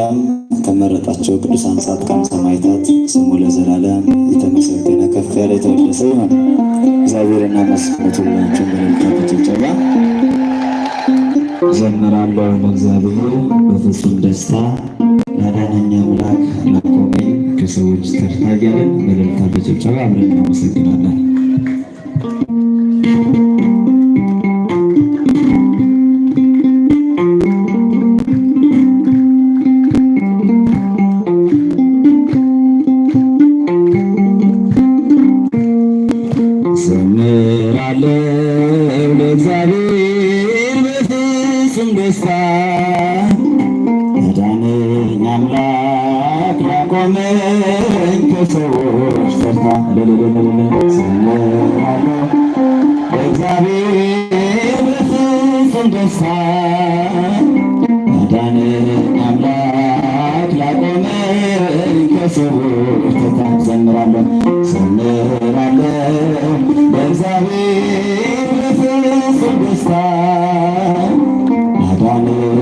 ያም ተመረጣቸው ቅዱሳን ጻድቃን ሰማዕታት ስሙ ለዘላለም የተመሰገነ ከፍ ያለ የተወደሰ ይሆን። እግዚአብሔርና ዘምራለሁ በፍጹም ደስታ ያዳነኝ አምላክ ናቆሜ ከሰዎች ተርታ እያለን አብረን እናመሰግናለን። ያዳነኝ አምላክ ያቆመኝ ከሰዎች ፈርታ እግዚአብሔር በፍጹም ደስታ ያዳነኝ አምላክ ያቆመኝ ከሰዎች ፈርታ ዘምራለሁ ዘምራለሁ በእግዚአብሔር በፍጹም ደስታ ያዳነኝ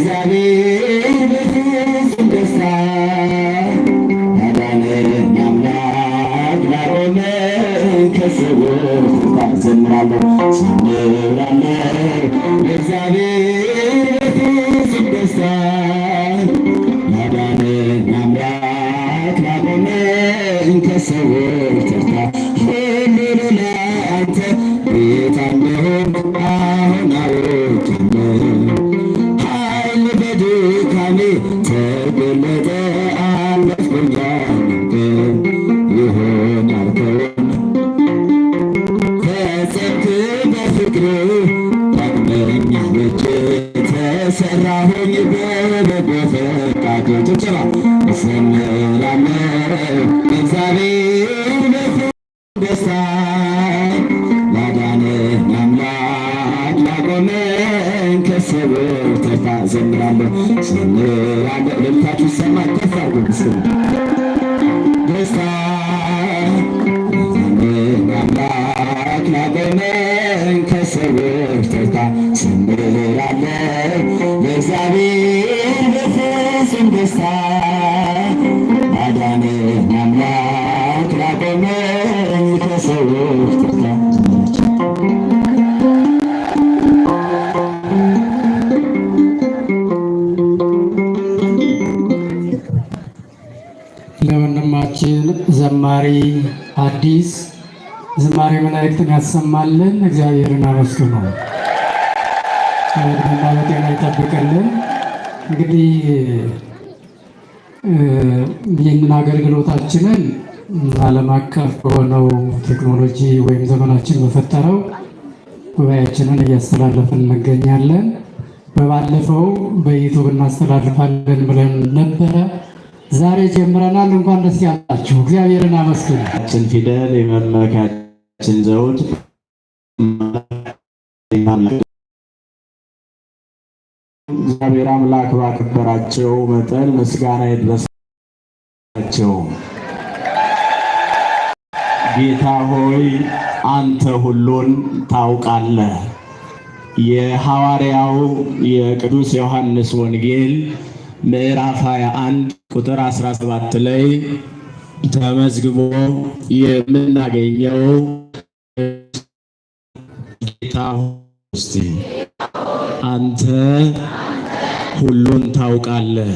በእግዚአብሔር ቤት ስንደስታ አዳነኝ አምላክ ላቆመኝ ከሰዎች ዘምራለሁ ዘምራለሁ በእግዚአብሔር ቤት ስንደስታ አዳነኝ አምላክ ላቆመኝ ከሰዎች ፍቅር ተግብረኛ ልጅ ተሰራሁኝ በበጎ ፈቃዱ ጭብጨባ ስንላመረ እግዚአብሔር በፍ ደስታ ላዳነን አምላክ ላቆመን ከሰብር ተርታ ዘምራለሁ ስንላለ ልልታችሁ ይሰማ ከፍ አርጎ ምስል በመን ከሰዎች ተርታ ስምር ለእግዚአብሔር በፍጹም ደስታ አዳነኝ አምላክ ላቆመኝ ከሰዎች ተርታ ለወንድማችን ዘማሪ አዲስ ዝማሬ መላእክትን ያሰማልን። እግዚአብሔርን አመስግኑ። እና በጤና ይጠብቅልን። እንግዲህ ይህንን አገልግሎታችንን ዓለም አቀፍ በሆነው ቴክኖሎጂ ወይም ዘመናችን በፈጠረው ጉባኤያችንን እያስተላለፍን እንገኛለን። በባለፈው በዩቱብ እናስተላልፋለን ብለን ነበረ። ዛሬ ጀምረናል። እንኳን ደስ ያላችሁ። እግዚአብሔርን አመስግኑ። ፊደል የመመካ ይዘውት እግዚአብሔር አምላክ ባከበራቸው መጠን ምስጋና ይድረሳቸው። ጌታ ሆይ አንተ ሁሉን ታውቃለህ። የሐዋርያው የቅዱስ ዮሐንስ ወንጌል ምዕራፍ 21 ቁጥር 17 ላይ ተመዝግቦ የምናገኘው ጌታ እስቲ አንተ ሁሉን ታውቃለህ።